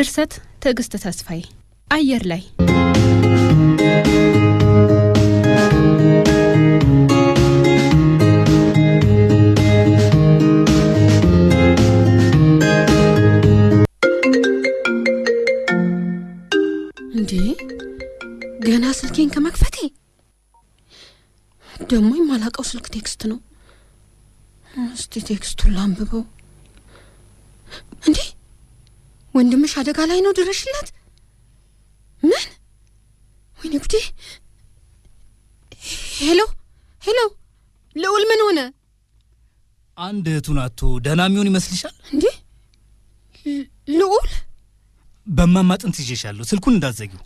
ድርሰት ትዕግስት ተስፋዬ። አየር ላይ እንዴ! ገና ስልኬን ከመክፈቴ ደግሞ የማላቀው ስልክ ቴክስት ነው። እስቲ ቴክስቱን ላንብበው። እንዴ ወንድምሽ አደጋ ላይ ነው ድረሽለት። ምን? ወይኔ ጉዴ! ሄሎ ሄሎ፣ ልዑል ምን ሆነ? አንድ እህቱን አቶ ደህና የሚሆን ይመስልሻል እንዴ? ልዑል በማማ ጥንት ስልኩን እንዳዘጊው።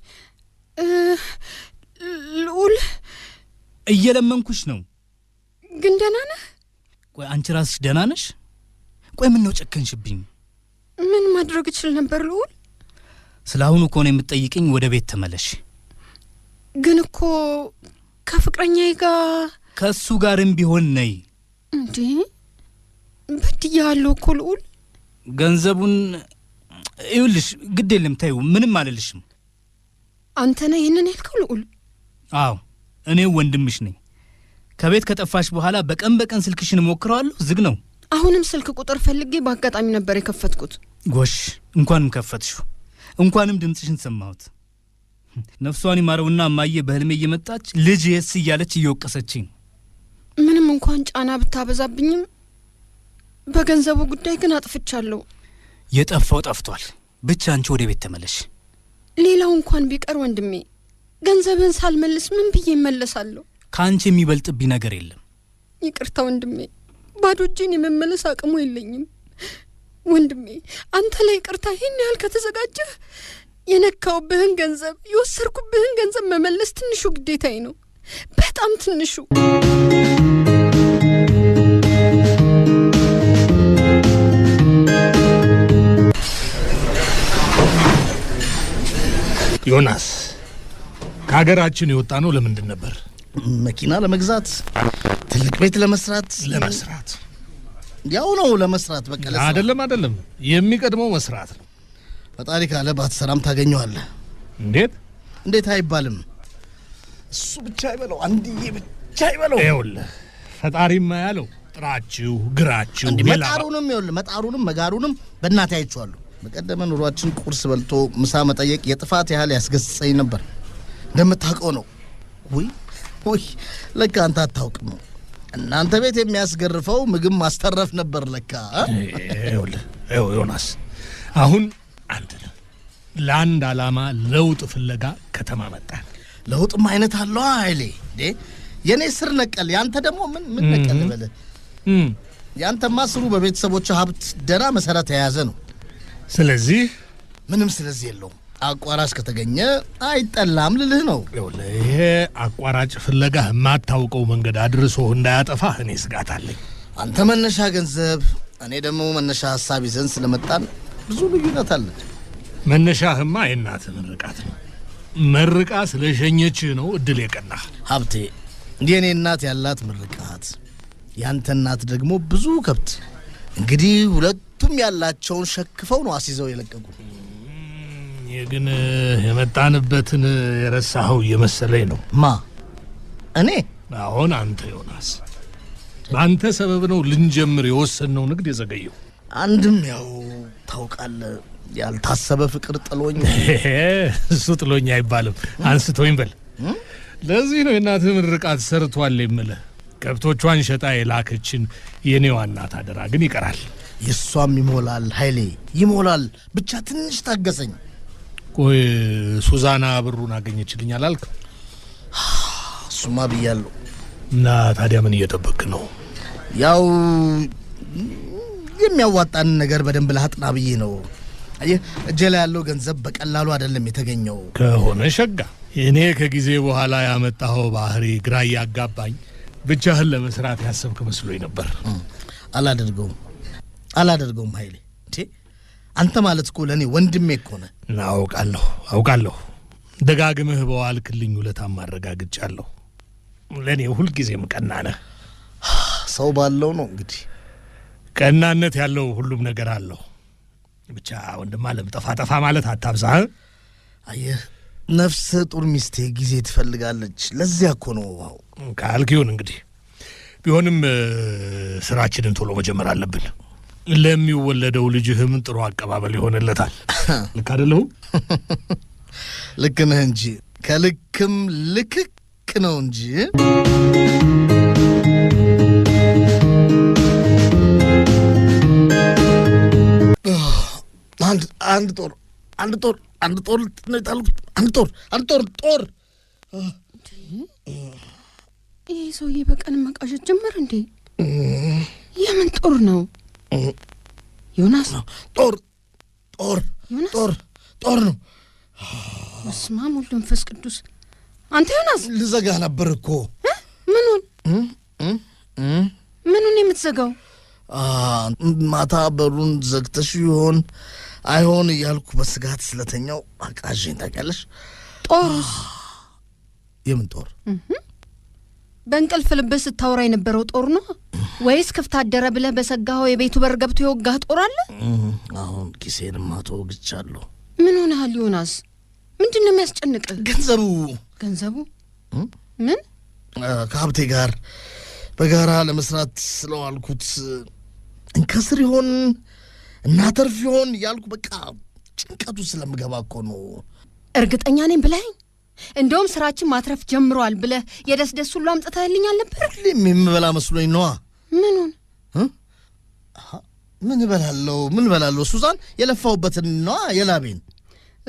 ልዑል እየለመንኩሽ ነው። ግን ደህና ነህ? ቆይ አንቺ ራስሽ ደህና ነሽ? ቆይ ምን ነው ጨከንሽብኝ? ምን ማድረግ እችል ነበር ልዑል? ስለ አሁኑ ከሆነ የምትጠይቅኝ ወደ ቤት ተመለሽ። ግን እኮ ከፍቅረኛዬ ጋር ከእሱ ጋርም ቢሆን ነይ። እንዴ በድያለሁ እኮ ልዑል። ገንዘቡን ይውልሽ፣ ግድ የለም ምንም አልልሽም። አንተ ነህ ይህንን ያልከው ልዑል? አዎ ወንድምሽ ነኝ። ከቤት ከጠፋሽ በኋላ በቀን በቀን ስልክሽን እሞክረዋለሁ፣ ዝግ ነው። አሁንም ስልክ ቁጥር ፈልጌ በአጋጣሚ ነበር የከፈትኩት። ጎሽ፣ እንኳንም ከፈትሹ እንኳንም ድምፅሽን ሰማሁት። ነፍሷን ይማረውና እማዬ በህልሜ እየመጣች ልጅ የስ እያለች እየወቀሰችኝ። ምንም እንኳን ጫና ብታበዛብኝም በገንዘቡ ጉዳይ ግን አጥፍቻለሁ። የጠፋው ጠፍቷል። ብቻ አንቺ ወደ ቤት ተመለሽ። ሌላው እንኳን ቢቀር ወንድሜ፣ ገንዘብን ሳልመልስ ምን ብዬ እመለሳለሁ? ከአንቺ የሚበልጥብኝ ነገር የለም። ይቅርታ ወንድሜ። ባዶ እጄን የመመለስ አቅሙ የለኝም። ወንድሜ አንተ ላይ ቅርታ ይህን ያህል ከተዘጋጀህ የነካውብህን ገንዘብ የወሰርኩብህን ገንዘብ መመለስ ትንሹ ግዴታዬ ነው፣ በጣም ትንሹ። ዮናስ ከሀገራችን የወጣ ነው ለምንድን ነበር? መኪና ለመግዛት ትልቅ ቤት ለመስራት ለመስራት ያው ነው ለመስራት በቃ አይደለም አይደለም የሚቀድመው መስራት ነው። ፈጣሪ ካለ ባትሰራም ታገኘዋለህ። እንዴት እንዴት አይባልም። እሱ ብቻ ይበለው፣ አንድዬ ብቻ ይበለው። ይኸውልህ ፈጣሪማ ያለው ጥራችሁ ግራችሁ መጣሩንም ይኸውልህ መጣሩንም መጋሩንም በእናቴ አይቼዋለሁ። በቀደመ ኑሯችን ቁርስ በልቶ ምሳ መጠየቅ የጥፋት ያህል ያስገጽጸኝ ነበር። እንደምታውቀው ነው። ውይ ውይ፣ ለካ አንተ አታውቅም እናንተ ቤት የሚያስገርፈው ምግብ ማስተረፍ ነበር ለካ። ዮናስ አሁን ነው። ለአንድ ዓላማ ለውጥ ፍለጋ ከተማ መጣል። ለውጥም አይነት አለዋ ኃይሌ። የእኔ ስር ነቀል፣ ያንተ ደግሞ ምን ምን ነቀል በለ። ያንተማ ስሩ በቤተሰቦች ሀብት ደና መሰረት የያዘ ነው። ስለዚህ ምንም ስለዚህ የለውም አቋራጭ ከተገኘ አይጠላም ልልህ ነው። ይሄ አቋራጭ ፍለጋ የማታውቀው መንገድ አድርሶ እንዳያጠፋህ እኔ ስጋት አለኝ። አንተ መነሻ ገንዘብ፣ እኔ ደግሞ መነሻ ሀሳብ ይዘን ስለመጣን ብዙ ልዩነት አለ። መነሻህማ የእናትህ ምርቃት ነው። መርቃ ስለሸኘችህ ነው እድል የቀናህ ሀብቴ። እንዲህ እኔ እናት ያላት ምርቃት፣ ያንተ እናት ደግሞ ብዙ ከብት። እንግዲህ ሁለቱም ያላቸውን ሸክፈው ነው አስይዘው የለቀቁ ግን የመጣንበትን የረሳኸው እየመሰለኝ ነው። ማ እኔ? አሁን አንተ ዮናስ፣ በአንተ ሰበብ ነው ልንጀምር የወሰንነው ንግድ የዘገየው። አንድም ያው ታውቃለህ፣ ያልታሰበ ፍቅር ጥሎኝ። እሱ ጥሎኝ አይባልም አንስቶኝ በል። ለዚህ ነው የእናትህ ምርቃት ሰርቷል የምልህ። ከብቶቿን ሸጣ የላከችን የኔዋ እናት አደራ ግን ይቀራል። የእሷም ይሞላል ኃይሌ፣ ይሞላል። ብቻ ትንሽ ታገሰኝ። ቆይ ሱዛና ብሩን አገኘችልኛል አልክ? እሱማ ብያለሁ። እና ታዲያ ምን እየጠበቅ ነው? ያው የሚያዋጣን ነገር በደንብ ላጥና ብዬ ነው። አየህ እጄ ላይ ያለው ገንዘብ በቀላሉ አይደለም የተገኘው። ከሆነ ሸጋ እኔ ከጊዜ በኋላ ያመጣኸው ባህሪ ግራ እያጋባኝ ብቻህን ለመስራት ያሰብክ መስሎኝ ነበር። አላደርገውም አላደርገውም ኃይሌ አንተ ማለት እኮ ለእኔ ወንድሜ እኮ ነህ። አውቃለሁ አውቃለሁ። ደጋግመህ በዋልክልኝ ውለታም አረጋግጫለሁ። ለእኔ ሁልጊዜም ቀና ነህ። ሰው ባለው ነው እንግዲህ ቀናነት ያለው ሁሉም ነገር አለው። ብቻ ወንድም አለም ጠፋ ጠፋ ማለት አታብዛ አየህ ነፍሰ ጡር ሚስቴ ጊዜ ትፈልጋለች። ለዚያ እኮ ነው ካልክ ይሁን እንግዲህ ቢሆንም ስራችንን ቶሎ መጀመር አለብን። ለሚወለደው ልጅህም ጥሩ አቀባበል ይሆንለታል። ልክ አደለሁም? ልክ ነህ እንጂ ከልክም ልክክ ነው እንጂ አንድ አንድ ጦር አንድ ጦር አንድ ጦር ነው የጣልኩት። አንድ ጦር አንድ ጦር ጦር። ይህ ሰውዬ በቀን መቃዠት ጀመር እንዴ? የምን ጦር ነው? ዮናስ ጦር ጦር ጦር ጦር ነው። በስመ አብ ወወልድ ቅዱስ። አንተ ዮናስ ልዘጋ ነበር እኮ። ምኑን ምኑን የምትዘጋው? ማታ በሩን ዘግተሽ ይሆን አይሆን እያልኩ በስጋት ስለተኛው አቃዥኝ። ታውቂያለሽ። ጦር የምን ጦር በእንቅልፍ ልብህ ስታወራ የነበረው ጦር ነው ወይስ ክፍታደረ ብለህ በሰጋኸው የቤቱ በር ገብቶ የወጋህ ጦር አለ? አሁን ማቶ ተወግቻለሁ። ምን ሆነሃል ዮናስ? ምንድን ነው የሚያስጨንቅህ? ገንዘቡ ገንዘቡ ምን? ከሀብቴ ጋር በጋራ ለመስራት ስለዋልኩት እንከስር ይሆን እናተርፍ ይሆን እያልኩ በቃ ጭንቀቱ ስለምገባ እኮ ነው። እርግጠኛ ነኝ ብለኸኝ እንደውም ስራችን ማትረፍ ጀምሯል ብለህ የደስደስ ሁሉ አምጥተህልኝ አልነበር? የምበላ መስሎኝ ነዋ። ምኑን ምን እበላለሁ? ምን እበላለሁ? ሱዛን፣ የለፋሁበትን ነዋ የላቤን።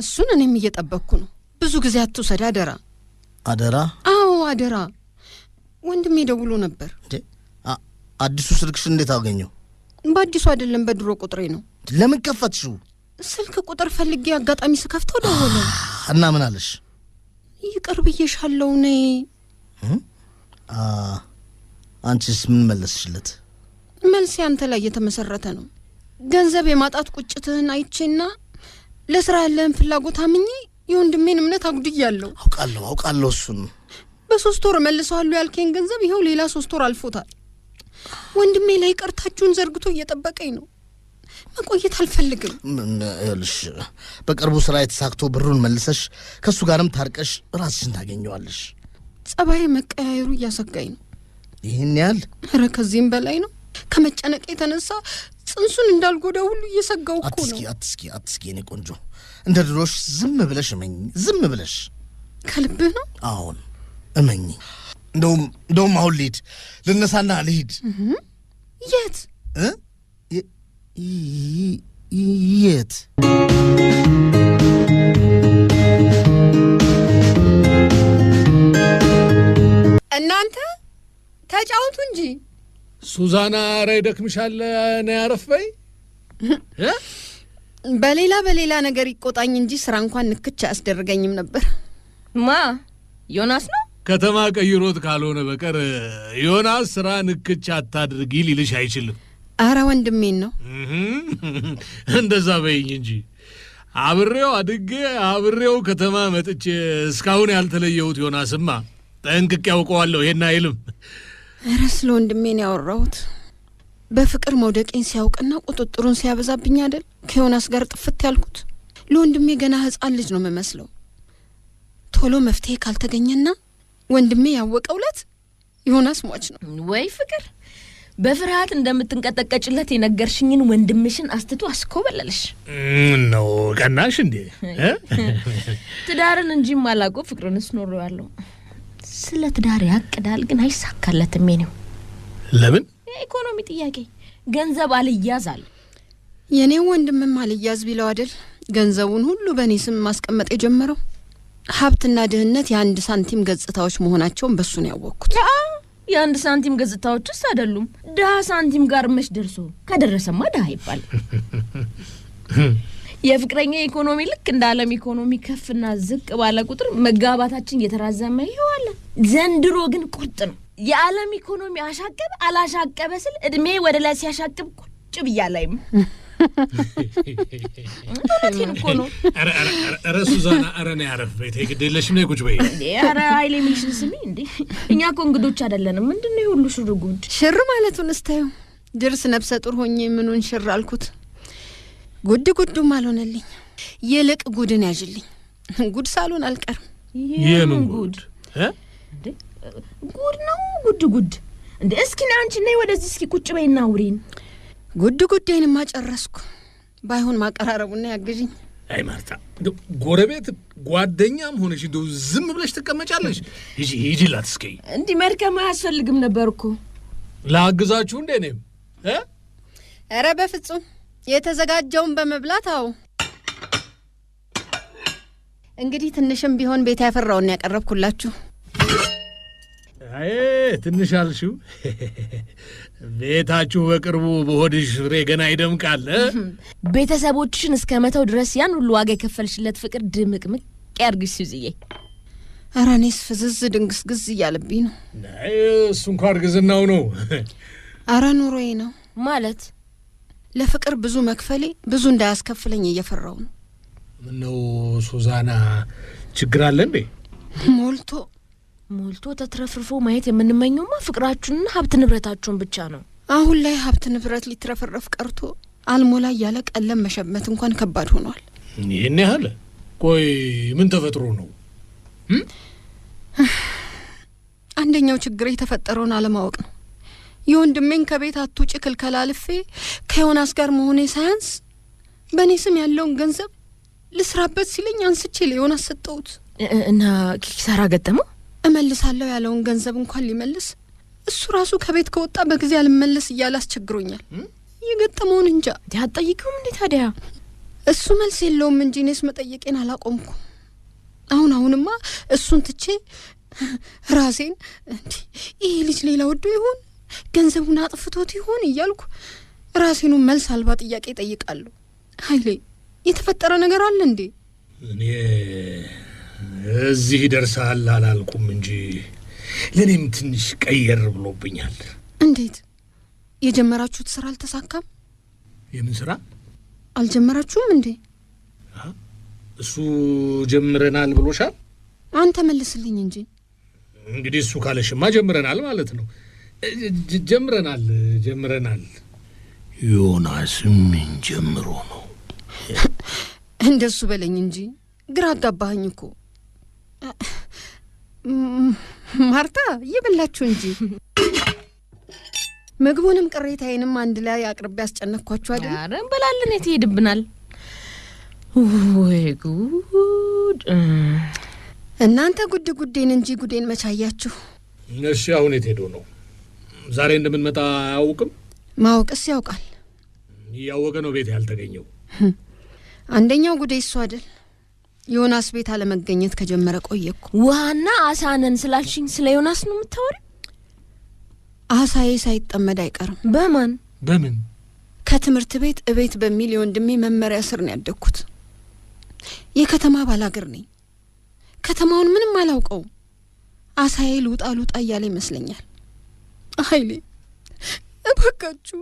እሱን እኔም እየጠበቅኩ ነው። ብዙ ጊዜ አትውሰድ፣ አደራ አደራ። አዎ አደራ። ወንድሜ ደውሎ ነበር። አዲሱ ስልክሽ እንዴት አገኘው? በአዲሱ አይደለም በድሮ ቁጥሬ ነው። ለምን ከፈትሽው? ስልክ ቁጥር ፈልጌ አጋጣሚ ስከፍተው ደወለ እና ምን አለሽ? ይቅር ብዬሻለሁ። ነይ። አንቺስ ምን መለስሽለት? መልስ ያንተ ላይ የተመሰረተ ነው። ገንዘብ የማጣት ቁጭትህን አይቼና ለስራ ያለህን ፍላጎት አምኜ የወንድሜን እምነት አጉድያለሁ። አውቃለሁ አውቃለሁ። እሱን በሶስት ወር እመልሰዋለሁ ያልከኝ ገንዘብ ይኸው ሌላ ሶስት ወር አልፎታል። ወንድሜ ላይ ቀርታችሁን ዘርግቶ እየጠበቀኝ ነው። መቆየት አልፈልግም። ምንልሽ በቅርቡ ስራ የተሳክቶ ብሩን መልሰሽ ከእሱ ጋርም ታርቀሽ ራስሽን ታገኘዋለሽ። ጸባይ መቀያየሩ እያሰጋኝ ነው። ይህን ያህል? ኧረ ከዚህም በላይ ነው። ከመጨነቅ የተነሳ ጽንሱን እንዳልጎዳ ሁሉ እየሰጋው እኮ ነው። አትስኪ አትስኪ፣ የኔ ቆንጆ፣ እንደ ድሮሽ ዝም ብለሽ እመኝ። ዝም ብለሽ ከልብህ ነው? አሁን እመኝ። እንደውም እንደውም አሁን ልሂድ፣ ልነሳና ልሂድ። የት የት እናንተ ተጫወቱ እንጂ ሱዛና፣ ኧረ ይደክምሻል፣ ነይ አረፍ በይ። በሌላ በሌላ ነገር ይቆጣኝ እንጂ ስራ እንኳን ንክች አያስደርገኝም ነበር። ማ ዮናስ ነው ከተማ ቀይሮት ካልሆነ በቀር ዮናስ ስራ ንክች አታድርጊ ሊልሽ አይችልም። አረ ወንድሜን ነው። እንደዛ በይኝ እንጂ አብሬው አድጌ አብሬው ከተማ መጥቼ እስካሁን ያልተለየሁት ዮናስማ ጠንቅቄ ያውቀዋለሁ። ይሄን አይልም። እረ ስለ ወንድሜን ያወራሁት በፍቅር መውደቄን ሲያውቅና ቁጥጥሩን ሲያበዛብኝ አይደል ከዮናስ ጋር ጥፍት ያልኩት። ለወንድሜ ገና ሕፃን ልጅ ነው የምመስለው። ቶሎ መፍትሄ ካልተገኘና ወንድሜ ያወቀው ዕለት ዮናስ ሟች ነው ወይ ፍቅር በፍርሃት እንደምትንቀጠቀጭለት የነገርሽኝን ወንድምሽን አስትቶ አስኮበለለሽ ነው። ቀናሽ እንዴ? ትዳርን እንጂ ማላቆ ፍቅርን ስኖሮ ያለው ስለ ትዳር ያቅዳል፣ ግን አይሳካለትም። ኔው ለምን? የኢኮኖሚ ጥያቄ ገንዘብ አልያዝ አለ። የእኔ ወንድምም አልያዝ ቢለው አይደል ገንዘቡን ሁሉ በእኔ ስም ማስቀመጥ የጀመረው። ሀብትና ድህነት የአንድ ሳንቲም ገጽታዎች መሆናቸውን በሱ ነው ያወቅኩት። የአንድ ሳንቲም ገጽታዎች ውስጥ አይደሉም። ድሀ ሳንቲም ጋር መች ደርሶ ከደረሰማ ድሀ ይባል። የፍቅረኛ ኢኮኖሚ ልክ እንደ ዓለም ኢኮኖሚ ከፍና ዝቅ ባለ ቁጥር መጋባታችን እየተራዘመ ይዋለ። ዘንድሮ ግን ቁርጥ ነው። የዓለም ኢኮኖሚ አሻቀበ አላሻቀበ ስል እድሜ ወደ ላይ ሲያሻቅብ ቁጭ ብያ ላይም እውነቴን እኮ ነው። ኧረ ሱዛና፣ ኧረ እኔ አረፍ በይ ግድ የለሽም ነይ ቁጭ በይ። ኧረ ኃይሌ ሚልሽን ስሚ እንዴ፣ እኛ እኮ እንግዶች አይደለንም። ምንድን ነው የሁሉ ሽር ጉድ? ሽር ማለቱን እስታዩ ድርስ ነብሰ ጡር ሆኜ ምኑን ሽር አልኩት። ጉድ ጉዱም አልሆነልኝ። ይልቅ ጉድን ያዥልኝ። ጉድ ሳሉን አልቀርም። ይህን ጉድ ጉድ ነው ጉድ ጉድ። እንደ እስኪ አንቺ ነይ ወደዚህ እስኪ ቁጭ በይና አውሪን ጉድ ጉዳይንማ ማጨረስኩ ባይሆን ማቀራረቡና ያግዥኝ። አይ ማርታ፣ ጎረቤት ጓደኛም ሆነሽ እንደው ዝም ብለሽ ትቀመጫለሽ? ሂጂ ሂጂላት። እስኪ እንዲህ መድከም አያስፈልግም ነበር እኮ ላግዛችሁ እንዴ እኔም። ኧረ በፍጹም የተዘጋጀውን በመብላት አዎ። እንግዲህ ትንሽም ቢሆን ቤት ያፈራውን ያቀረብኩላችሁ አይ ትንሽ አልሽው። ቤታችሁ በቅርቡ በሆድሽ ፍሬ ገና ይደምቃል። ቤተሰቦችሽን እስከ መተው ድረስ ያን ሁሉ ዋጋ የከፈልሽለት ፍቅር ድምቅምቅ ያርግሽ ሲዝዬ። ኧረ እኔስ ፍዝዝ ድንግስግዝ እያለብኝ ነው። እሱ እንኳ እርግዝናው ነው። አረ ኑሮዬ ነው ማለት ለፍቅር ብዙ መክፈሌ ብዙ እንዳያስከፍለኝ እየፈራው ነው። ምነው ሱዛና፣ ችግር አለ እንዴ? ሞልቶ ሞልቶ ተትረፍርፎ ማየት የምንመኘውማ ፍቅራችሁንና ሀብት ንብረታችሁን ብቻ ነው። አሁን ላይ ሀብት ንብረት ሊትረፈረፍ ቀርቶ አልሞላ እያለ ቀለም መሸመት እንኳን ከባድ ሆኗል። ይህን ያህል ቆይ፣ ምን ተፈጥሮ ነው? አንደኛው ችግር የተፈጠረውን አለማወቅ ነው። የወንድሜን ከቤት አትውጭ ክልከላ አልፌ ከዮናስ ጋር መሆኔ ሳያንስ በእኔ ስም ያለውን ገንዘብ ልስራበት ሲለኝ አንስቼ ለዮናስ ሰጠሁት እና ኪሳራ ገጠመው። እመልሳለሁ ያለውን ገንዘብ እንኳን ሊመልስ እሱ ራሱ ከቤት ከወጣ በጊዜ አልመለስ እያለ አስቸግሮኛል። የገጠመውን እንጃ። እንዲህ አትጠይቂውም እንዴ ታዲያ? እሱ መልስ የለውም እንጂ እኔስ መጠየቄን አላቆምኩም። አሁን አሁንማ እሱን ትቼ ራሴን እንዲህ ይሄ ልጅ ሌላ ወዶ ይሆን ገንዘቡን አጥፍቶት ይሆን እያልኩ ራሴኑ መልስ አልባ ጥያቄ እጠይቃለሁ። ኃይሌ የተፈጠረ ነገር አለ እንዴ? እኔ እዚህ ደርሰሃል አላልኩም እንጂ ለእኔም ትንሽ ቀየር ብሎብኛል። እንዴት? የጀመራችሁት ስራ አልተሳካም? የምን ስራ አልጀመራችሁም እንዴ? እሱ ጀምረናል ብሎሻል? አንተ መልስልኝ እንጂ። እንግዲህ እሱ ካለሽማ ጀምረናል ማለት ነው። ጀምረናል ጀምረናል። ዮናስም ምን ጀምሮ ነው? እንደሱ በለኝ እንጂ ግራ አጋባህኝ እኮ። ማርታ ይብላችሁ እንጂ ምግቡንም ቅሬታዬንም አንድ ላይ አቅርቤ ያስጨነኳችሁ አይደል? እንበላለን፣ የት ይሄድብናል? ወይ ጉድ! እናንተ ጉድ ጉዴን እንጂ ጉዴን መቻያችሁ። እሺ አሁን የት ሄዶ ነው? ዛሬ እንደምንመጣ አያውቅም? ማወቅስ ያውቃል። እያወቀ ነው ቤት ያልተገኘው። አንደኛው ጉዴ እሱ አይደል? ዮናስ ቤት አለመገኘት ከጀመረ ቆየኩ እኮ። ውሃና አሳ ነን ስላልሽኝ ስለ ዮናስ ነው የምታወሪ? አሳዬ ሳይጠመድ አይቀርም። በማን በምን? ከትምህርት ቤት እቤት በሚል የወንድሜ መመሪያ ስር ነው ያደግኩት። የከተማ ባላገር ነኝ። ከተማውን ምንም አላውቀው። አሳዬ ልውጣ ልውጣ እያለ ይመስለኛል። ኃይሌ እባካችሁ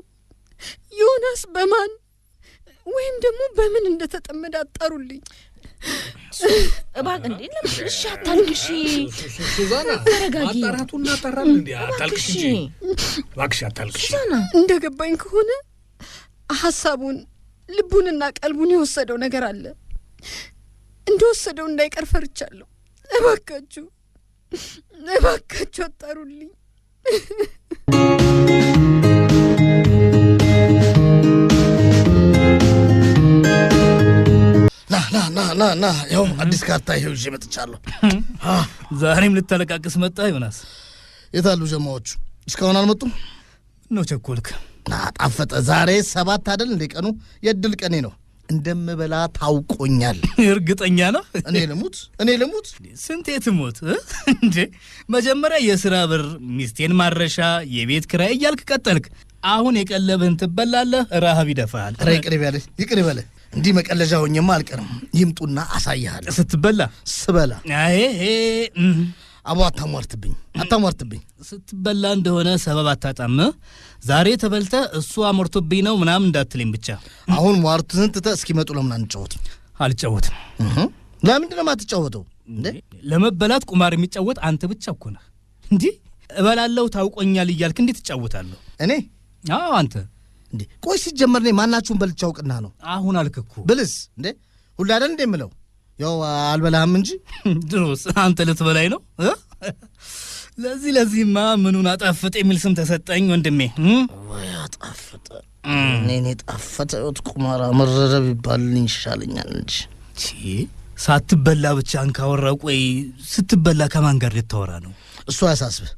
ዮናስ በማን ወይም ደግሞ በምን እንደተጠመደ አጣሩልኝ። እባክህ እንዴ ለምን እሺ አጣራቱ እናጣራል አታልቅሽ እንጂ እባክሽ አታልቅሽ ሱዛና እንደ ገባኝ ከሆነ ሀሳቡን ልቡንና ቀልቡን የወሰደው ነገር አለ እንደወሰደው እንዳይቀር ፈርቻለሁ እባካችሁ እባካችሁ አጣሩልኝ ና ና፣ ያውም አዲስ ካርታ ይሄው ይዤ መጥቻለሁ። ዛሬም ልታለቃቅስ መጣ ዮናስ? የታሉ ጀማዎቹ? እስካሁን አልመጡም ነው? ቸኮልክ? ና ጣፈጠ። ዛሬ ሰባት አደል እንዴ? ቀኑ የእድል ቀኔ ነው። እንደምበላ ታውቆኛል። እርግጠኛ ነህ? እኔ ልሙት እኔ ልሙት። ስንቴ ትሞት እንዴ? መጀመሪያ የስራ ብር፣ ሚስቴን ማረሻ፣ የቤት ክራይ እያልክ ቀጠልክ። አሁን የቀለብህን ትበላለህ። ረሃብ ይደፋል። ይቅር ይበልህ፣ ይቅር ይበልህ። እንዲህ መቀለጃ ሆኜማ አልቀርም። ይምጡና አሳይሃል። ስትበላ ስበላ አቦ አታሟርትብኝ፣ አታሟርትብኝ። ስትበላ እንደሆነ ሰበብ አታጣም። ዛሬ ተበልተ እሱ አሞርቶብኝ ነው ምናምን እንዳትልኝ ብቻ። አሁን ሟርቱን ትተ እስኪመጡ ለምን አንጫወት? አልጫወትም። ለምንድን ነው የማትጫወተው? ለመበላት ቁማር የሚጫወት አንተ ብቻ እኮ ነህ። እንዲህ እበላለሁ ታውቆኛል እያልክ እንዴት ትጫወታለሁ? እኔ አዎ አንተ እንዴ ቆይ ሲጀመር እኔ ማናችሁን በልቼ አውቅና ነው አሁን አልክ እኮ ብልስ እንዴ ሁላ አይደል እንዴ የምለው ያው አልበላህም እንጂ ድሮስ አንተ ልትበላይ ነው ለዚህ ለዚህማ ምኑን አጣፍጥ የሚል ስም ተሰጠኝ ወንድሜ ወይ አጣፍጥ እኔ ጣፈጠት ቁማራ መረረብ ይባልልኝ ይሻለኛል እንጂ ሳትበላ ብቻ አንካወራ ቆይ ስትበላ ከማን ጋር ልታወራ ነው እሱ አያሳስብህ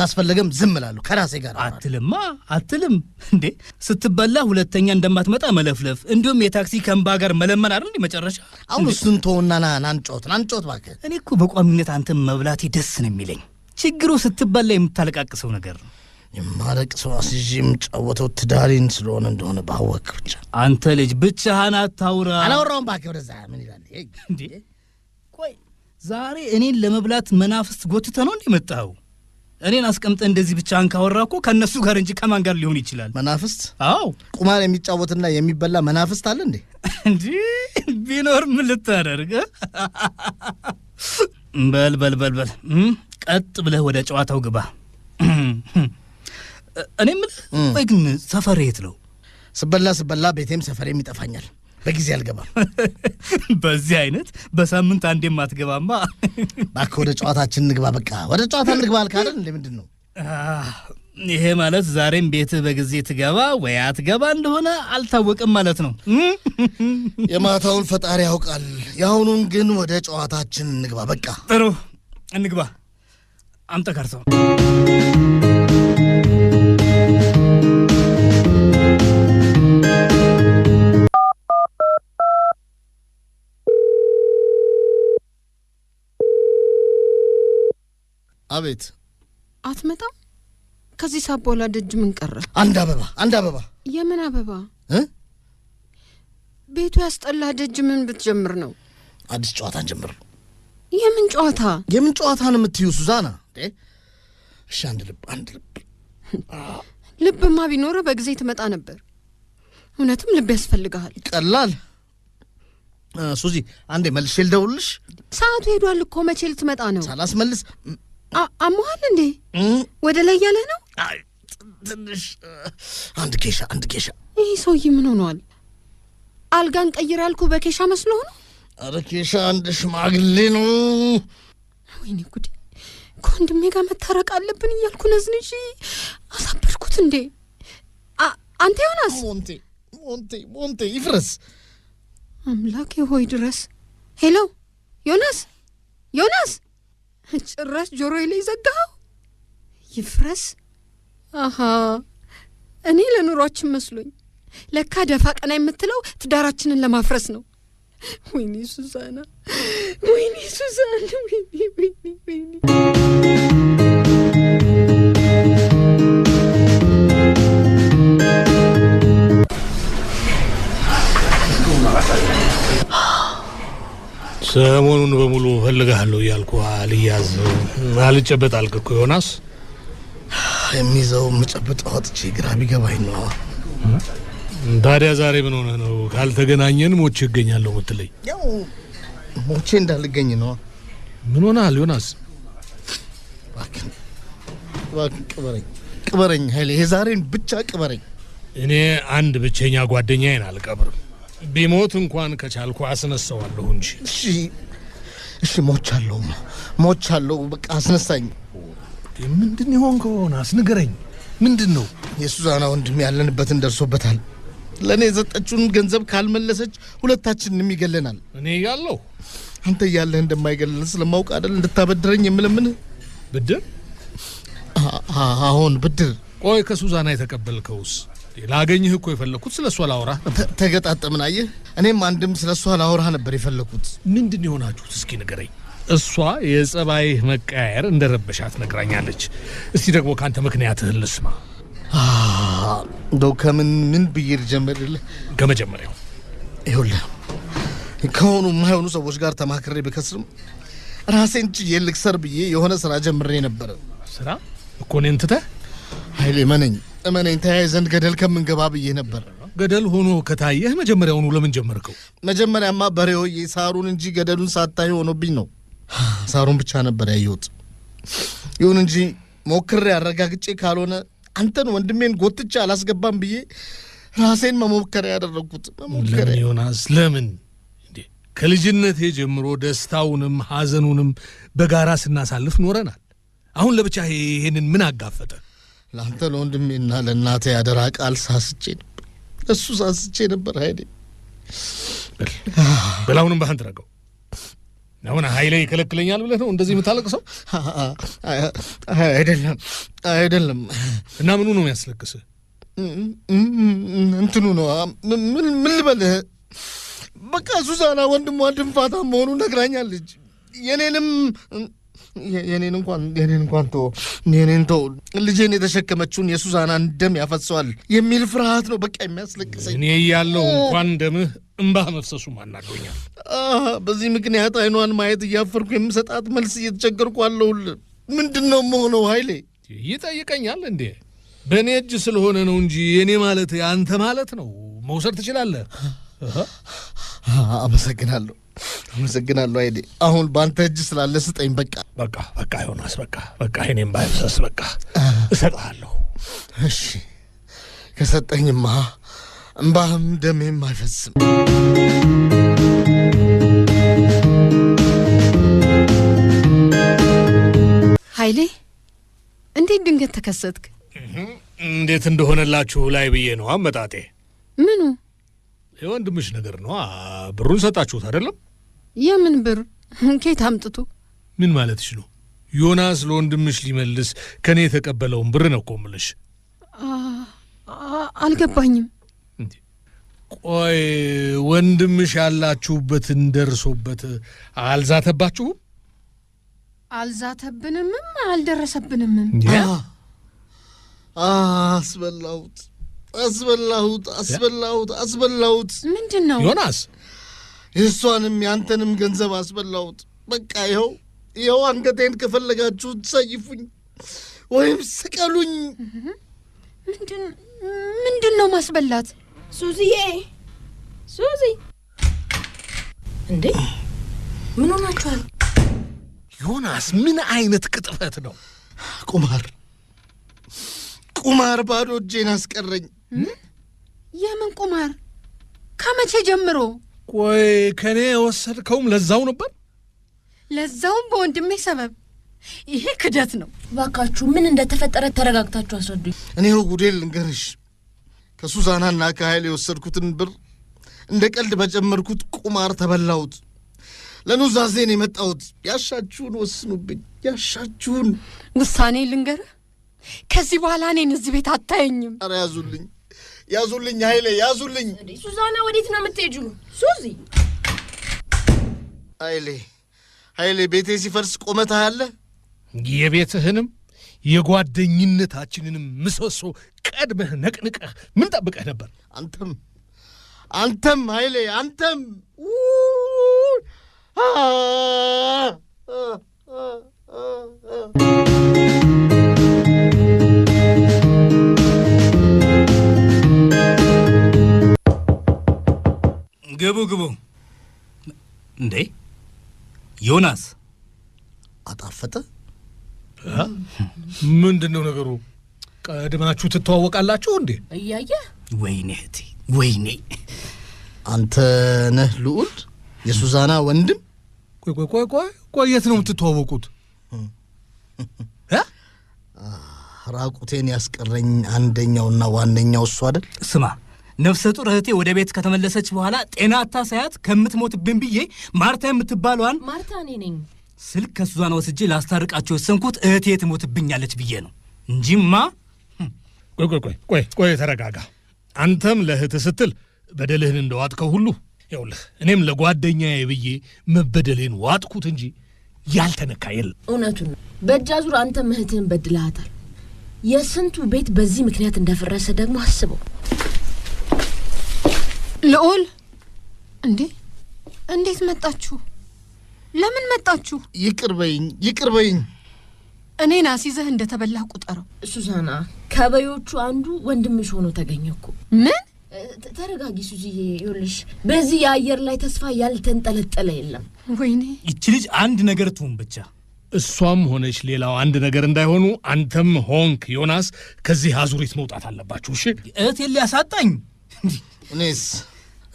ካስፈለገም ዝም እላለሁ ከራሴ ጋር። አትልማ አትልም እንዴ? ስትበላ ሁለተኛ እንደማትመጣ መለፍለፍ፣ እንዲሁም የታክሲ ከእምባ ጋር መለመን አይደል መጨረሻ። አሁን እሱን ተወና ና ናንጮት ናንጮት እባክህ። እኔ እኮ በቋሚነት አንተ መብላቴ ደስ ነው የሚለኝ። ችግሩ ስትበላ የምታለቃቅሰው ነገር ነው። የማለቅ ሰው አስይዤ የምጫወተው ትዳሪን ስለሆነ እንደሆነ ባወቅ ብቻ። አንተ ልጅ ብቻህን አታውራ። አላወራውም እባክህ። ወደዛ ምን ይላል እንዴ? ቆይ ዛሬ እኔን ለመብላት መናፍስት ጎትተ ነው እንዲመጣኸው? እኔን አስቀምጠ እንደዚህ ብቻህን ካወራ እኮ ከእነሱ ጋር እንጂ ከማን ጋር ሊሆን ይችላል? መናፍስት? አዎ ቁማር የሚጫወትና የሚበላ መናፍስት አለ እንዴ? እንዲ ቢኖር ምን ልታደርግ? በል በል በል በል ቀጥ ብለህ ወደ ጨዋታው ግባ። እኔ የምልህ ወይ ግን ሰፈር የት ነው? ስበላ ስበላ ቤቴም ሰፈሬም ይጠፋኛል። በጊዜ አልገባም። በዚህ አይነት በሳምንት አንዴ ማትገባማ። እባክህ ወደ ጨዋታችን እንግባ። በቃ ወደ ጨዋታ እንግባ አልካለን እንዴ? ምንድን ነው ይሄ ማለት ዛሬም ቤትህ በጊዜ ትገባ ወይ አትገባ እንደሆነ አልታወቅም ማለት ነው። የማታውን ፈጣሪ ያውቃል። የአሁኑን ግን ወደ ጨዋታችን እንግባ። በቃ ጥሩ እንግባ። አምጠ አቤት። አትመጣም? ከዚህ ሰዓት በኋላ ደጅ ምን ቀረ? አንድ አበባ አንድ አበባ። የምን አበባ? ቤቱ ያስጠላ። ደጅ ምን ብትጀምር ነው? አዲስ ጨዋታን ጀምር። የምን ጨዋታ? የምን ጨዋታ ነው የምትይው ሱዛና? እሺ አንድ ልብ አንድ ልብ። ልብማ ቢኖረ በጊዜ ትመጣ ነበር። እውነትም ልብ ያስፈልግሃል። ቀላል ሱዚ፣ አንዴ መልሼ ልደውልሽ። ሰዓቱ ሄዷል እኮ መቼ ልትመጣ ነው? ሳላስመልስ አሞሃል እንዴ? ወደ ላይ ያለህ ነው? ትንሽ አንድ ኬሻ አንድ ኬሻ። ይህ ሰውዬ ምን ሆኗል? አልጋን ቀይር ያልኩ በኬሻ መስሎ ሆኖ። አረ ኬሻ አንድ ሽማግሌ ነው። ወይኔ ጉዴ! ከወንድሜ ጋር መታረቅ አለብን እያልኩ ነዝንሽ አሳበድኩት እንዴ? አንተ ዮናስ፣ ሞንቴ ሞንቴ ሞንቴ ይፍረስ! አምላክ ሆይ ድረስ። ሄሎ ዮናስ፣ ዮናስ ጭራሽ ጆሮ ላይ ዘጋው። ይፍረስ። አሀ እኔ ለኑሯችን መስሎኝ ለካ ደፋ ቀና የምትለው ትዳራችንን ለማፍረስ ነው። ወይኔ ሱዛና፣ ወይኔ ሱዛን፣ ወይኔ ወይኔ ወይኔ። ሰሞኑን በሙሉ እፈልግሃለሁ እያልኩ ያዙ አልጨበጥ አልክኩ ዮናስ የሚይዘው የምጨብጠው አጥቼ ግራ ቢገባኝ ነው። ታዲያ ዛሬ ምን ሆነህ ነው ካልተገናኘን ሞቼ እገኛለሁ ምትለኝ? ያው ሞቼ እንዳልገኝ ነው። ምን ሆነሃል ዮናስ? ቅበረኝ ቅበረኝ ኃይሌ፣ የዛሬን ብቻ ቅበረኝ። እኔ አንድ ብቸኛ ጓደኛዬን አልቀብርም። ቢሞት እንኳን ከቻልኩ አስነሳዋለሁ እንጂ። እሺ እሺ፣ ሞቻለሁማ ሞቻለሁ። በቃ አስነሳኝ። ምንድን ይሆን ከሆነ አስንገረኝ። ምንድን ነው? የሱዛና ወንድም ያለንበትን ደርሶበታል። ለእኔ የሰጠችውን ገንዘብ ካልመለሰች ሁለታችንንም ይገለናል። እኔ እያለሁ አንተ እያለህ እንደማይገለን ስለማውቅ አይደል እንድታበድረኝ የምለምን ብድር? አሁን ብድር? ቆይ ከሱዛና የተቀበልከውስ? ላገኝህ እኮ የፈለግኩት ስለ እሷ ላውራ ተገጣጠምን። አየህ፣ እኔም አንድም ስለ እሷ ላውራ ነበር የፈለግኩት። ምንድን የሆናችሁት? እስኪ ንገረኝ። እሷ የጸባይ መቃየር እንደረበሻት ነግራኛለች። እስቲ ደግሞ ከአንተ ምክንያትህን ልስማ። እንደው ከምን ምን ብዬ ልጀምርልህ? ከመጀመሪያው ይኸውልህ ከሆኑ የማይሆኑ ሰዎች ጋር ተማክሬ ብከስርም ራሴን ጭዬ ልክሰር ብዬ የሆነ ስራ ጀምሬ ነበረ። ስራ እኮ እኔን ትተህ ኃይሌ፣ እመነኝ እመነኝ፣ ተያይ ዘንድ ገደል ከምንገባ ብዬ ነበር። ገደል ሆኖ ከታየህ መጀመሪያውኑ ለምን ጀመርከው? መጀመሪያማ በሬው ሳሩን እንጂ ገደሉን ሳታይ ሆኖብኝ ነው። ሳሩን ብቻ ነበር ያየሁት። ይሁን እንጂ ሞክሬ አረጋግጬ ካልሆነ አንተን ወንድሜን ጎትቻ አላስገባም ብዬ ራሴን መሞከሪያ ያደረግኩት። ለምን ዮናስ ለምን? ከልጅነቴ ጀምሮ ደስታውንም ሐዘኑንም በጋራ ስናሳልፍ ኖረናል። አሁን ለብቻ ይሄንን ምን አጋፈጠ? ለአንተ ለወንድሜና ለእናቴ ያደራ ቃል ሳስቼ ነበር፣ እሱ ሳስቼ ነበር። ሀይዴ በላሁንም ባህን ትረገው ለምን ኃይሌ ይከለክለኛል ብለህ ነው እንደዚህ የምታለቅሰው? አይደለም አይደለም። እና ምኑ ነው የሚያስለቅስህ? እንትኑ ነው። ምን ልበልህ፣ በቃ ሱዛና ወንድሟ ድንፋታ መሆኑ ነግራኛለች። የኔንም የኔን እንኳን የኔን እንኳን ቶ የኔን ቶ ልጄን የተሸከመችውን የሱዛናን ደም ያፈሰዋል የሚል ፍርሃት ነው በቃ የሚያስለቅሰኝ። እኔ እያለሁ እንኳን ደምህ እምባ መፍሰሱ ማናዶኛል። በዚህ ምክንያት አይኗን ማየት እያፈርኩ የምሰጣት መልስ እየተቸገርኩ አለሁል። ምንድን ነው መሆነው? ኃይሌ ይጠይቀኛል እንዴ? በእኔ እጅ ስለሆነ ነው እንጂ የእኔ ማለት አንተ ማለት ነው። መውሰድ ትችላለህ። አመሰግናለሁ፣ አመሰግናለሁ አመሰግናለሁ አይዴ፣ አሁን በአንተ እጅ ስላለ ስጠኝ። በቃ በቃ በቃ ዮናስ፣ በቃ በቃ የእኔም ባይፍሰስ፣ በቃ እሰጥሃለሁ። እሺ ከሰጠኝማ እምባህም ደሜም አይፈስም። ኃይሌ እንዴት ድንገት ተከሰትክ? እንዴት እንደሆነላችሁ ላይ ብዬ ነው አመጣጤ። ምኑ? የወንድምሽ ነገር ነው። ብሩን ሰጣችሁት አይደለም? የምን ብር? ኬት አምጥቱ? ምን ማለትሽ ነው? ዮናስ ለወንድምሽ ሊመልስ ከእኔ የተቀበለውን ብር ነው እኮ አልገባኝም። ቆይ ወንድምሽ ያላችሁበትን ደርሶበት አልዛተባችሁም? አልዛተብንምም አልደረሰብንምም። አስበላሁት አስበላሁት አስበላሁት አስበላሁት። ምንድን ነው ዮናስ? የእሷንም ያንተንም ገንዘብ አስበላሁት። በቃ ይኸው ይኸው አንገቴን ከፈለጋችሁ ትሰይፉኝ ወይም ስቀሉኝ። ምንድን ነው ማስበላት? ሱዚዬ ሱዚ፣ እንዴ ምን ሆናችኋል? ዮናስ ምን አይነት ቅጥፈት ነው? ቁማር ቁማር ባዶ እጄን አስቀረኝ። የምን ቁማር? ከመቼ ጀምሮ? ቆይ ከእኔ የወሰድከውም ለዛው ነበር? ለዛውም በወንድሜ ሰበብ። ይሄ ክደት ነው። እባካችሁ ምን እንደተፈጠረ ተረጋግታችሁ አስረዱኝ። እኔ ጉዴል ልንገርሽ ከሱዛናና ከኃይል የወሰድኩትን ብር እንደ ቀልድ በጨመርኩት ቁማር ተበላሁት። ለኑዛዜን የመጣሁት ያሻችሁን ወስኑብኝ፣ ያሻችሁን ውሳኔ ልንገር። ከዚህ በኋላ እኔን እዚህ ቤት አታየኝም። ኧረ ያዙልኝ፣ ያዙልኝ፣ ኃይሌ ያዙልኝ። ሱዛና ወዴት ነው የምትሄጁ? ሱዚ ኃይሌ ኃይሌ፣ ቤቴ ሲፈርስ ቆመታ አለ የቤትህንም የጓደኝነታችንንም ምሰሶ ቀድመህ ነቅንቀህ ምን ጠብቀህ ነበር? አንተም አንተም ኃይሌ አንተም ግቡ ግቡ። እንዴ ዮናስ አጣፈጠ ምንድን ነው ነገሩ? ቀድማችሁ ትተዋወቃላችሁ እንዴ? እያየ ወይኔ እህቴ ወይኔ። አንተ ነህ ልዑል የሱዛና ወንድም? ቆይ ቆይ ቆይ ቆይ ቆይ፣ የት ነው የምትተዋወቁት? ራቁቴን ያስቀረኝ አንደኛውና ዋነኛው እሱ አይደል? ስማ ነፍሰ ጡር እህቴ ወደ ቤት ከተመለሰች በኋላ ጤና አታሳያት ከምትሞትብን ብዬ ማርታ የምትባለዋን ማርታ እኔ ነኝ ስልክ ከሱዛን ወስጄ ላስታርቃቸው የሰንኩት እህቴ ትሞትብኛለች ብዬ ነው እንጂማ። ቆይ ቆይ ቆይ ቆይ ተረጋጋ። አንተም ለእህት ስትል በደልህን እንደዋጥከው ሁሉ ይኸውልህ፣ እኔም ለጓደኛዬ ብዬ መበደሌን ዋጥኩት እንጂ ያልተነካ የለ። እውነቱን ነው። በእጅ አዙር አንተም እህትህን በድልሃታል። የስንቱ ቤት በዚህ ምክንያት እንደፈረሰ ደግሞ አስበው። ልዑል እንዴ! እንዴት መጣችሁ? ለምን መጣችሁ? ይቅር በይኝ፣ ይቅር በይኝ። እኔን አስይዘህ እንደ ተበላህ ቁጠረው። ሱዛና፣ ከበዮቹ አንዱ ወንድምሽ ሆኖ ተገኘኩ። ምን? ተረጋጊ ሱዚዬ። ይኸውልሽ በዚህ የአየር ላይ ተስፋ ያልተንጠለጠለ የለም። ወይኔ ይቺ ልጅ አንድ ነገር ትሁን ብቻ እሷም ሆነች ሌላው አንድ ነገር እንዳይሆኑ አንተም ሆንክ ዮናስ ከዚህ አዙሪት መውጣት አለባችሁ። እሺ እህቴን ሊያሳጣኝ እኔስ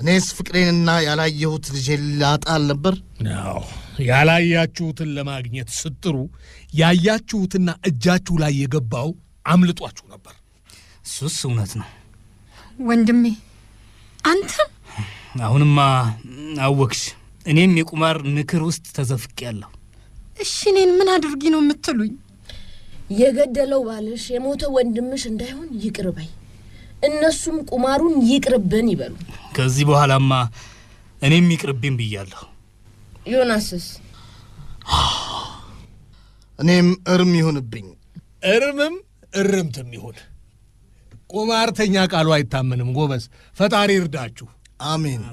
እኔስ ፍቅሬንና ያላየሁት ልጄን ላጣል ነበር። አዎ ያላያችሁትን ለማግኘት ስትጥሩ ያያችሁትና እጃችሁ ላይ የገባው አምልጧችሁ ነበር። እሱስ እውነት ነው ወንድሜ። አንተ አሁንማ አወቅሽ። እኔም የቁማር ንክር ውስጥ ተዘፍቄያለሁ። እሺ እኔን ምን አድርጊ ነው የምትሉኝ? የገደለው ባልሽ የሞተ ወንድምሽ እንዳይሆን ይቅር በይ። እነሱም ቁማሩን ይቅርብን ይበሉ። ከዚህ በኋላማ እኔም ይቅርብኝ ብያለሁ። ዮናስስ? እኔም እርም ይሁንብኝ። እርምም እርምትም ይሁን። ቁማርተኛ ቃሉ አይታመንም። ጎበዝ፣ ፈጣሪ እርዳችሁ። አሜን።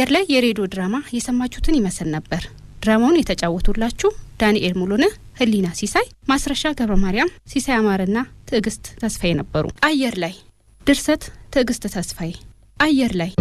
አየር ላይ የሬዲዮ ድራማ የሰማችሁትን ይመስል ነበር። ድራማውን የተጫወቱላችሁ ዳንኤል ሙሉነ፣ ህሊና ሲሳይ፣ ማስረሻ ገብረ ማርያም፣ ሲሳይ አማርና ትዕግስት ተስፋዬ ነበሩ። አየር ላይ ድርሰት ትዕግስት ተስፋዬ አየር ላይ